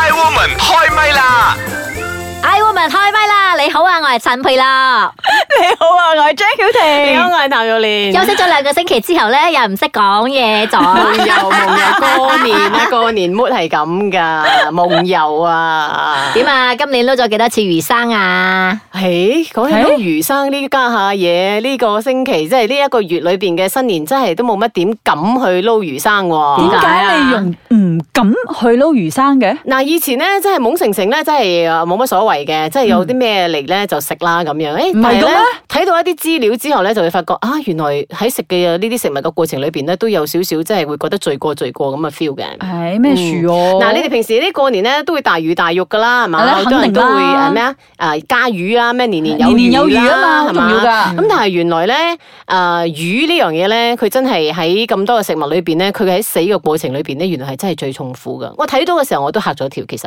I woman 開咪啦！I woman 開咪啦！你好啊，我係陳佩樂。你好啊，我係張曉婷。你好，我係譚玉蓮。休息咗兩個星期之後咧，又唔識講嘢咗。夢遊夢遊，過年啊，過年 mode 係咁噶，夢遊啊。點啊？今年撈咗幾多次魚生啊？誒，講起撈魚生呢家下嘢，呢個星期即係呢一個月裏邊嘅新年，真係都冇乜點敢去撈魚生喎。點解？咁去撈魚生嘅嗱，以前咧真係懵成成咧，真係冇乜所謂嘅，嗯、即係有啲咩嚟咧就食啦咁樣。誒、哎，唔係嘅咩？睇到一啲資料之後咧，就會發覺啊，原來喺食嘅呢啲食物嘅過程裏邊咧，都有少少即係會覺得罪過罪過咁嘅 feel 嘅。係咩樹哦？嗱、啊嗯啊，你哋平時呢過年咧都會大魚大肉噶啦，係嘛？好多、啊、人都會啦。誒咩啊？誒、啊啊，加魚啊？咩年，年年有、啊、年年有餘啊嘛，係嘛、啊？咁吧、嗯、但係原來咧，誒、啊、魚呢樣嘢咧，佢真係喺咁多嘅食物裏邊咧，佢喺死嘅過程裏邊咧，原來係真係最。痛苦噶，我睇到嘅時候我都吓咗一跳。其實、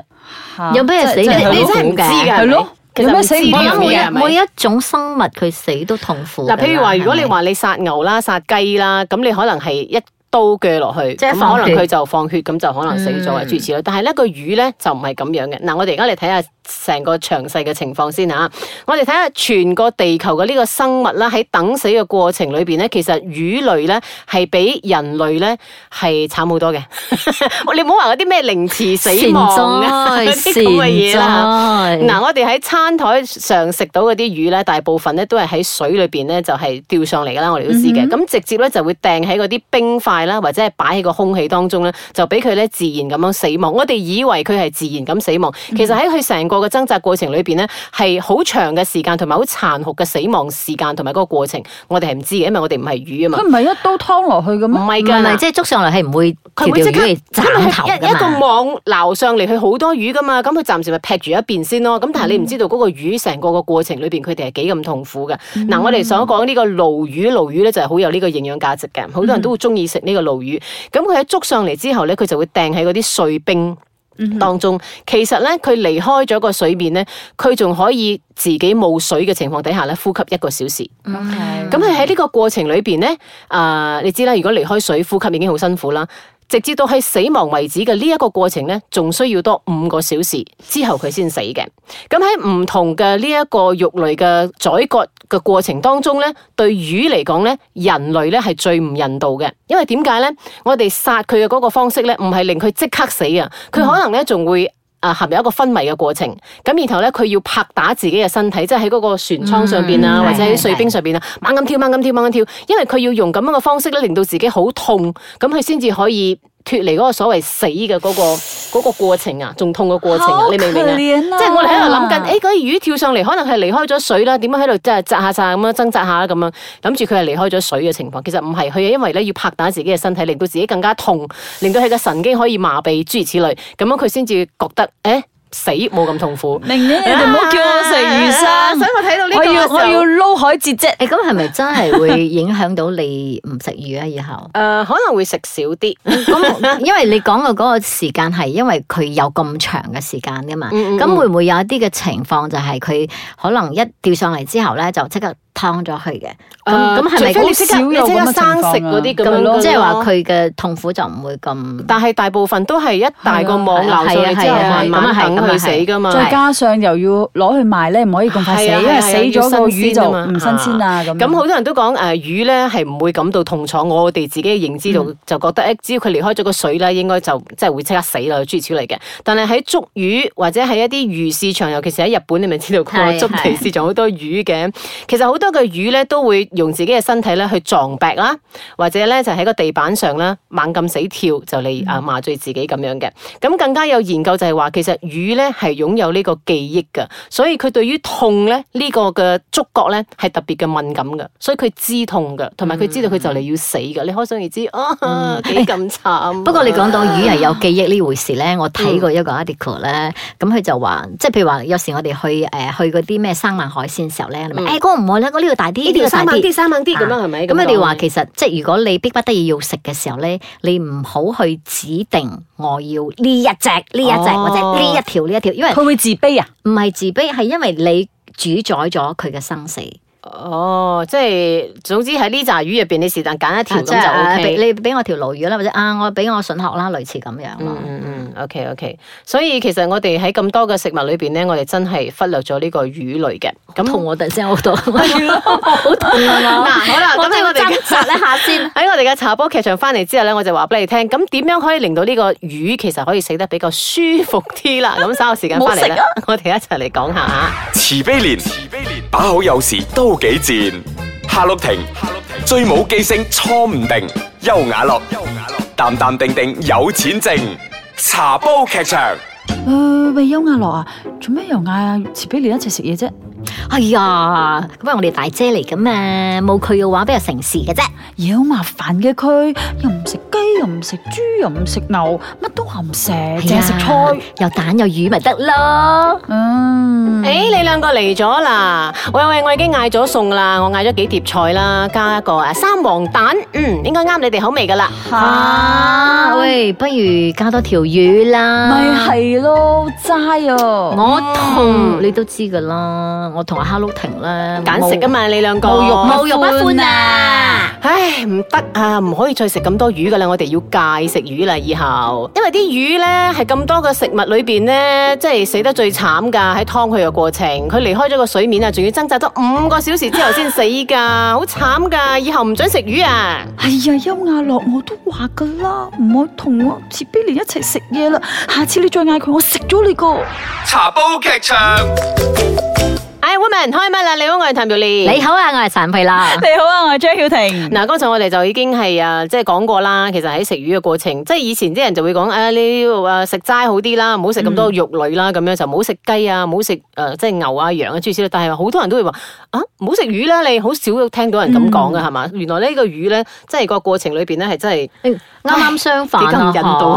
啊、有咩死嘅？你真係唔知嘅係咯？是是死其實每一種生物佢死都痛苦。嗱，譬如話如果你話你殺牛啦、殺雞啦，咁你可能係一刀鋸落去，咁可能佢就放血，咁就可能死咗啊，諸如此類。但係咧個魚咧就唔係咁樣嘅。嗱，我哋而家嚟睇下。成個詳細嘅情況先嚇，我哋睇下全個地球嘅呢個生物啦，喺等死嘅過程裏邊咧，其實魚類咧係比人類咧係慘好多嘅。 你唔好話嗰啲咩凌遲死亡啲咁嘅嘢啦。嗱哉，我哋喺餐台上食到嗰啲魚咧，大部分咧都係喺水裏邊咧就係釣上嚟噶啦，我哋都知嘅。咁、mm hmm. 直接咧就會掟喺嗰啲冰塊啦，或者係擺喺個空氣當中咧，就俾佢咧自然咁樣死亡。我哋以為佢係自然咁死亡，其實喺佢成個。Hmm. Mm 個個掙扎過程裏邊咧，係好長嘅時間，同埋好殘酷嘅死亡時間，同埋嗰個過程，我哋係唔知嘅，因為我哋唔係魚啊嘛。佢唔係一刀劏落去嘅嘛？唔係噶，即係捉上嚟係唔會，佢會即刻斬頭噶嘛。一個網撈上嚟，佢好多魚噶嘛，咁佢暫時咪劈住一邊先咯。咁但係你唔知道嗰個魚成個個過程裏邊，佢哋係幾咁痛苦嘅。嗱、嗯，我哋想講呢個鱸魚，鱸魚咧就係好有呢個營養價值嘅，好多人都會中意食呢個鱸魚。咁佢喺捉上嚟之後咧，佢就會掟喺嗰啲碎冰。當中，其實咧佢離開咗個水面咧，佢仲可以自己冇水嘅情況底下咧，呼吸一個小時。咁係，喺呢個過程裏邊咧，啊、呃，你知啦，如果離開水呼吸已經好辛苦啦。直至到喺死亡為止嘅呢一個過程呢，仲需要多五個小時之後佢先死嘅。咁喺唔同嘅呢一個肉類嘅宰割嘅過程當中呢，對魚嚟講呢，人類呢係最唔人道嘅。因為點解呢？我哋殺佢嘅嗰個方式呢，唔係令佢即刻死啊，佢可能呢仲會。嗯啊，含有一個昏迷嘅過程，咁然後咧，佢要拍打自己嘅身體，即係喺嗰個船艙上邊啊，嗯、或者喺啲碎冰上邊啊，猛咁跳，猛咁跳，猛咁跳，跳，因為佢要用咁樣嘅方式咧，令到自己好痛，咁佢先至可以。脫離嗰個所謂死嘅嗰個嗰個過程啊，仲痛嘅過程啊，啊你明唔明啊？即係我哋喺度諗緊，誒、嗰個魚跳上嚟，可能係離開咗水啦，點樣喺度即係扎下晒，咁樣掙扎下咁樣？諗住佢係離開咗水嘅情況，其實唔係，佢係因為咧要拍打自己嘅身體，令到自己更加痛，令到佢嘅神經可以麻痹諸如此類，咁樣佢先至覺得誒。哎死冇咁痛苦，明你哋唔好叫我食魚生，啊、所以我睇到呢個我，我要我要撈海蜇啫。咁係咪真係會影響到你唔食魚啊？以後誒、 呃，可能會食少啲。咁、 嗯、因為你講嘅嗰個時間係因為佢有咁長嘅時間噶嘛，咁、 嗯嗯、會唔會有一啲嘅情況就係佢可能一釣上嚟之後咧就即刻。劏咗佢嘅，咁咁係咪即刻生食嘅情況，啲咁即係話佢嘅痛苦就唔會咁。但係大部分都係一大個網流在，即係咁係咁去死㗎嘛。再加上又要攞去賣咧，唔可以咁快死，因為死咗個魚就唔新鮮啊。咁好、啊、樣多人都講誒、啊、魚咧係唔會感到痛楚，我哋自己嘅認知度就覺得，嗯、只要佢離開咗個水咧，應該就即係會即刻死啦。諸如此類嘅。但係喺捉魚或者喺一啲魚市場，尤其是喺日本，你咪知道個築地市場好多魚嘅。其實好多。咁嘅魚咧都會用自己嘅身體咧去撞壁啦，或者咧就喺個地板上咧猛咁死跳就嚟啊麻醉自己咁樣嘅。咁更加有研究就係話，其實魚咧係擁有呢個記憶嘅，所以佢對於痛咧呢個嘅觸覺咧係特別嘅敏感嘅，所以佢知痛嘅，同埋佢知道佢就嚟要死嘅。嗯、你可想而知啊，幾咁慘。不過你講到魚係有記憶呢回事咧，我睇過一個 article 咧，咁、嗯、佢、嗯、就話，即係譬如話有時我哋去誒去嗰啲咩生猛海鮮嘅時候咧，誒嗰個唔好咧。嗯哎那個呢度大啲，呢條生猛啲，生猛啲咁樣係咪？咁啊，你話其實即係如果你逼不得已要食嘅時候咧，你唔好去指定我要呢一隻、呢、哦、一隻或者呢一條、呢、哦、一條，因為佢會自卑啊。唔係自卑，係因為你主宰咗佢嘅生死。哦，即係總之喺呢紮魚入邊，你是但揀一條咁、啊、就、OK、你俾我條鱸魚啦，或者啊，我俾我筍殼啦，類似咁樣咯。嗯嗯 O K O K，所以其實我哋喺咁多嘅食物裏邊咧，我哋真係忽略咗呢個魚類嘅。咁同我哋差好多， 好痛啊！嗱 吧，好啦，咁我哋查一查先。喺我哋嘅 茶煲劇場翻嚟之後咧，我就話俾你聽，咁點樣可以令到呢個魚其實可以食得比較舒服啲啦？咁 稍後時間翻嚟啦，啊、我哋一齊嚟講下吓。慈悲蓮，慈悲蓮，把好有時都幾賤；夏洛亭，追舞雞聲初唔定；優雅樂，優雅樂淡淡定定有錢剩。茶煲劇場，誒、呃，喂，邱阿樂啊，做咩、啊、又嗌池碧蓮一齊食嘢啫？哎呀，咁啊，我哋大姐嚟嘅嘛，冇佢嘅話，比較成事嘅啫，而好麻煩嘅佢又唔食。雞又唔食，豬又唔食，牛乜都唔食，淨係食菜，有蛋有魚咪得咯。嗯，誒，你兩個嚟咗啦？喂喂，我已經嗌咗餸啦，我嗌咗幾碟菜啦，加一個誒三黃蛋，嗯，應該啱你哋口味噶啦。吓，喂，不如加多條魚啦？咪係咯，齋啊！我同你都知噶啦，我同阿哈禄婷咧揀食噶嘛，你兩個無肉不歡啊！唉，唔得啊，唔可以再食咁多魚噶啦我。我哋要戒食魚啦，以後，因為啲魚咧係咁多嘅食物裏邊咧，即係死得最慘噶，喺湯佢嘅過程，佢離開咗個水面啊，仲要掙扎咗五個小時之後先死噶，好慘噶，以後唔准食魚啊！哎呀，邱亞洛，我都話噶啦，唔好同我切比蓮一齊食嘢啦，下次你再嗌佢，我食咗你個茶煲劇場。開嘜啦！你好，我係譚妙麗。你好啊，我係陳肥拉。 你好啊，我係張曉婷。嗱、啊，剛才我哋就已經係啊，即係講過啦。其實喺食魚嘅過程，即係以前啲人就會講，誒、啊，你啊食齋好啲啦，唔好食咁多肉類啦，咁樣就唔好食雞啊，唔好食即係牛啊、羊啊諸如此類。但係好多人都會話，啊，唔好食魚啦！你好少聽到人咁講嘅係嘛？原來呢個魚咧，即係個過程裏邊咧係真係啱啱相反啊！啱啱都唔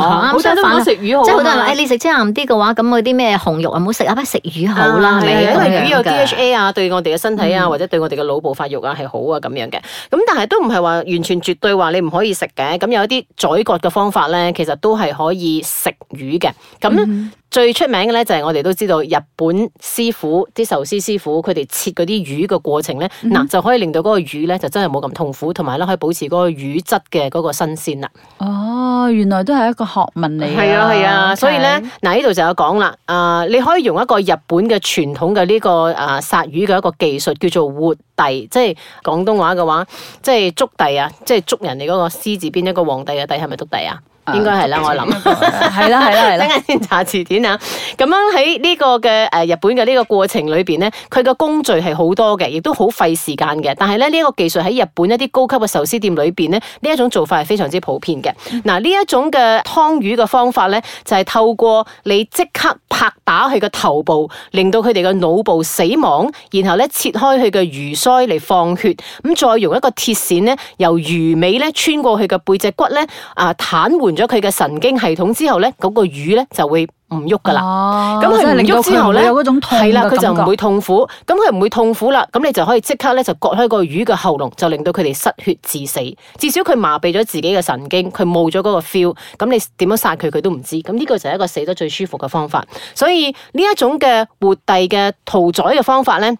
好食魚好，即係好多人都話，你食清淡啲嘅話，咁嗰啲咩紅肉啊，唔好食啊，不如食魚好啦，係因為魚有 DHA 啊！對我哋嘅身體啊，嗯、或者對我哋嘅腦部發育啊，係好啊咁樣嘅。咁但係都唔係話完全絕對話你唔可以食嘅。咁有一啲宰割嘅方法咧，其實都係可以食魚嘅。咁。嗯嗯最出名嘅咧就係我哋都知道日本師傅，啲壽司師傅佢哋切嗰啲魚嘅過程咧，嗱、嗯、哼就可以令到嗰個魚咧就真係冇咁痛苦，同埋咧可以保持嗰個魚質嘅嗰個新鮮啦。哦，原來都係一個學問嚟，係啊係啊。啊啊 Okay. 所以咧，嗱，呢度就有講啦。啊，你可以用一個日本嘅傳統嘅呢個啊殺魚嘅一個技術叫做活帝，即係廣東話嘅話，即係捉帝啊，即係捉人哋嗰個獅子邊一個皇帝嘅帝係咪捉帝啊？應該係啦，我諗係啦，係啦， 等下先查詞典啊！咁樣喺呢個嘅誒日本嘅呢個過程裏邊咧，佢嘅工序係好多嘅，亦都好費時間嘅。但係咧，呢、這、一個技術喺日本一啲高級嘅壽司店裏邊咧，呢一種做法係非常之普遍嘅。嗱，呢一種嘅劏魚嘅方法咧，就係、是、透過你即刻拍打佢嘅頭部，令到佢哋嘅腦部死亡，然後咧切開佢嘅魚鰓嚟放血，咁再用一個鐵線咧由魚尾咧穿過去佢嘅背脊骨咧啊，癱、呃、瘓咗佢嘅神經系統、這個啊、之後咧，嗰個魚咧就會唔喐噶啦。咁佢唔喐之後咧，係啦，佢就唔會痛苦。咁佢唔會痛苦啦，咁你就可以即刻咧就割開個魚嘅喉嚨，就令到佢哋失血致死。至少佢麻痹咗自己嘅神經，佢冇咗嗰個 feel。咁你點樣殺佢，佢都唔知。咁呢個就係一個死得最舒服嘅方法。所以呢一種嘅活地嘅屠宰嘅方法咧。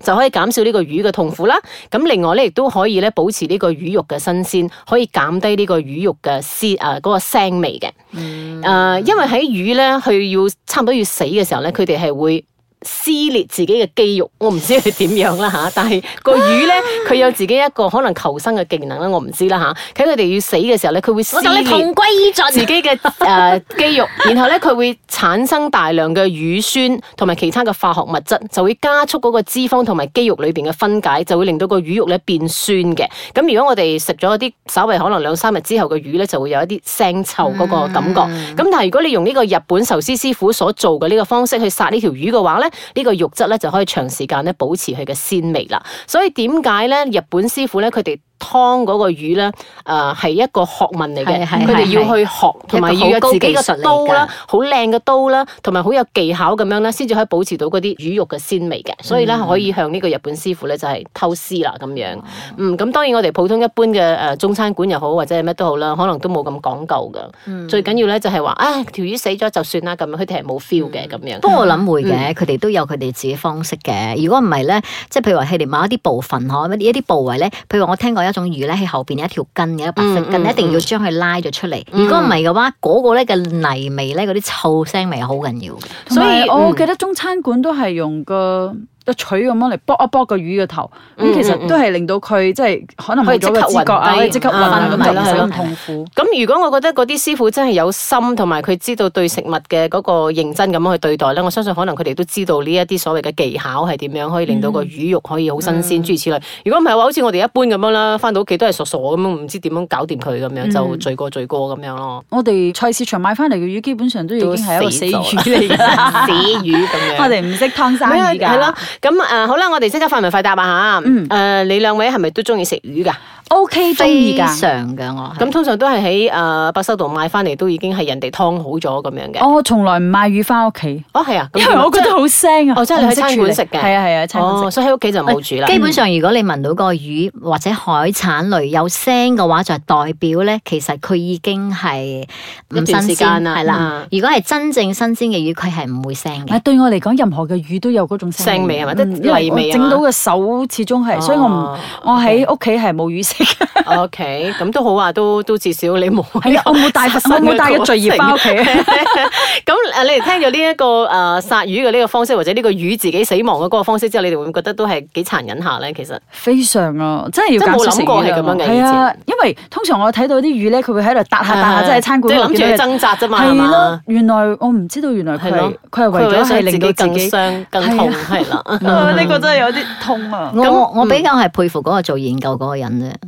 就可以減少呢個魚嘅痛苦啦。咁另外咧，亦都可以咧保持呢個魚肉嘅新鮮，可以減低呢個魚肉嘅鮮啊嗰個腥味嘅。啊、呃，因為喺魚咧，佢要差唔多要死嘅時候咧，佢哋係會撕裂自己嘅肌肉，我唔知佢點樣啦吓，但係個魚咧，佢有自己一個可能求生嘅技能啦，我唔知啦吓。喺佢哋要死嘅時候咧，佢會撕裂自己嘅誒、呃、肌肉，然後咧佢會產生大量嘅乳酸同埋其他嘅化學物質，就會加速嗰個脂肪同埋肌肉裏邊嘅分解，就會令到個魚肉咧變酸嘅。咁如果我哋食咗一啲稍為可能兩三日之後嘅魚咧，就會有一啲腥臭嗰個感覺。咁、嗯、但係如果你用呢個日本壽司師傅所做嘅呢個方式去殺呢條魚嘅話咧，呢個肉質咧就可以長時間保持佢嘅鮮味啦，所以點解咧日本師傅咧佢哋湯嗰個魚咧，誒係一個學問嚟嘅，佢哋要去學同埋要有自己嘅刀啦，好靚嘅刀啦，同埋好有技巧咁樣咧，先至可以保持到嗰啲魚肉嘅鮮味嘅。所以咧，可以向呢個日本師傅咧就係偷師啦咁樣。嗯，咁、嗯、當然我哋普通一般嘅誒中餐館又好或者係乜都好啦，可能都冇咁講究㗎。嗯、最緊要咧就係話，唉條魚死咗就算啦，咁樣佢哋係冇 feel 嘅咁樣。不過、嗯、我諗會嘅，佢哋、嗯、都有佢哋自己方式嘅。如果唔係咧，即係譬如話佢哋買一啲部分或者一啲部位咧，譬如我聽過。一種魚咧，喺後邊有一條筋嘅一白色筋，嗯嗯、一定要將佢拉咗出嚟。嗯、如果唔係嘅話，嗰、嗯、個咧嘅泥味咧，嗰、那、啲、個、臭腥味好緊要。所以、嗯、我記得中餐館都係用個。個嘴咁樣嚟卜一卜個魚嘅頭，咁其實都係令到佢即係可能冇咗個知覺啊，可以即刻暈啊，咁就唔使咁痛苦。咁如果我覺得嗰啲師傅真係有心，同埋佢知道對食物嘅嗰個認真咁樣去對待咧，我相信可能佢哋都知道呢一啲所謂嘅技巧係點樣，可以令到個魚肉可以好新鮮。諸如此類。如果唔係嘅話，好似我哋一般咁樣啦，返到屋企都係傻傻咁樣，唔知點樣搞掂佢咁樣，就罪過罪過咁樣咯。我哋菜市場買返嚟嘅魚，基本上都已經係死魚嚟嘅，死魚咁樣。我哋唔識劏生魚㗎。咁誒、呃，好啦，我哋即刻快問快答啊吓。誒、嗯呃，你兩位係咪都中意食魚噶？O K，非常嘅我。咁通常都係喺誒百壽道買翻嚟，都已經係人哋劏好咗咁樣嘅。我從來唔買魚翻屋企。哦，係啊，因為我覺得好腥啊。我真係喺餐館食嘅。係啊，係啊，餐館食，所以喺屋企就冇煮啦。基本上，如果你聞到個魚或者海產類有腥嘅話，就代表咧，其實佢已經係咁新鮮啦。係啦，如果係真正新鮮嘅魚，佢係唔會腥嘅。對我嚟講，任何嘅魚都有嗰種腥味，係咪？因為我整到嘅手始終係，所以我唔，我喺屋企係冇魚腥。O K，咁都好啊，都都至少你冇。我冇帶，我冇帶咗作業翻屋企。咁誒，你哋聽咗呢一個誒殺魚嘅呢個方式，或者呢個魚自己死亡嘅嗰個方式之後，你哋會唔會覺得都係幾殘忍下咧？其實非常啊，真係真冇諗過係咁樣嘅。係啊，因為通常我睇到啲魚咧，佢會喺度躂下躂下，即係餐館度諗住掙扎啫嘛。係咯，原來我唔知道，原來佢佢係為咗係令到自己更傷更痛。係啦，呢個真係有啲痛啊。我我比較係佩服嗰個做研究嗰個人啫。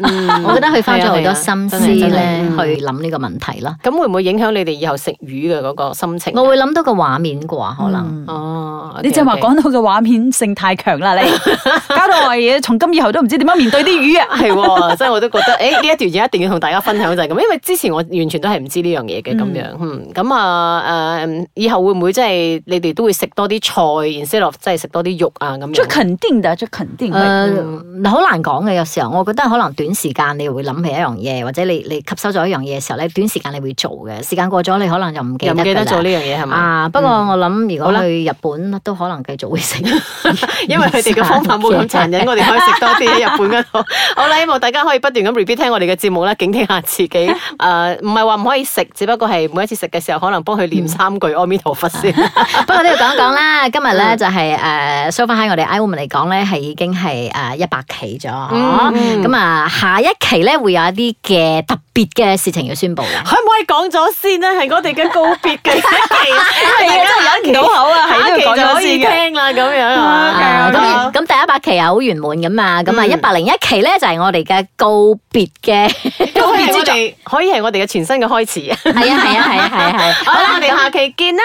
我覺得佢花咗好多心思咧，去諗呢個問題咯。咁會唔會影響你哋以後食魚嘅嗰個心情？我會諗到個畫面啩，可能哦。你正話講到個畫面性太強啦，你搞到我嘢，從今以後都唔知點樣面對啲魚啊。係，即係我都覺得，誒，呢一段嘢一定要同大家分享就係咁。因為之前我完全都係唔知呢樣嘢嘅咁樣。嗯，咁啊，誒，以後會唔會即係你哋都會食多啲菜，instead of 即係食多啲肉啊？咁樣？這肯定嘅，這肯定會。嗯，好難講嘅，有時候我覺得可能短時間你會諗起一樣嘢，或者你你吸收咗一樣嘢嘅時候咧，短時間你會做嘅。時間過咗，你可能就唔記得記得做呢樣嘢係嘛？啊，不過我諗如果去日本，都可能繼續會食，因為佢哋嘅方法冇咁殘忍，我哋可以食多啲喺日本嗰度。好啦，希望大家可以不斷咁 repeat 聽我哋嘅節目啦，警惕下自己。誒，唔係話唔可以食，只不過係每一次食嘅時候，可能幫佢念三句阿彌陀佛先。不過都要講一講啦，今日咧就係誒 so far 喺我哋 I Woman 嚟講咧，係已經係誒一百期咗，咁啊。下一期咧，會有一啲嘅特別嘅事情要宣布，嘅，可唔可以講咗先咧？係我哋嘅告別嘅一期，而家忍唔到口啊，下期就可以聽啦咁樣。咁咁、 啊嗯、第一百期係好圓滿噶啊，咁啊一百零一期咧，就係我哋嘅告別嘅， 可以我可以係我哋嘅全新嘅開始 啊！係啊係啊係啊係啊係！ 好好我哋下期見啦。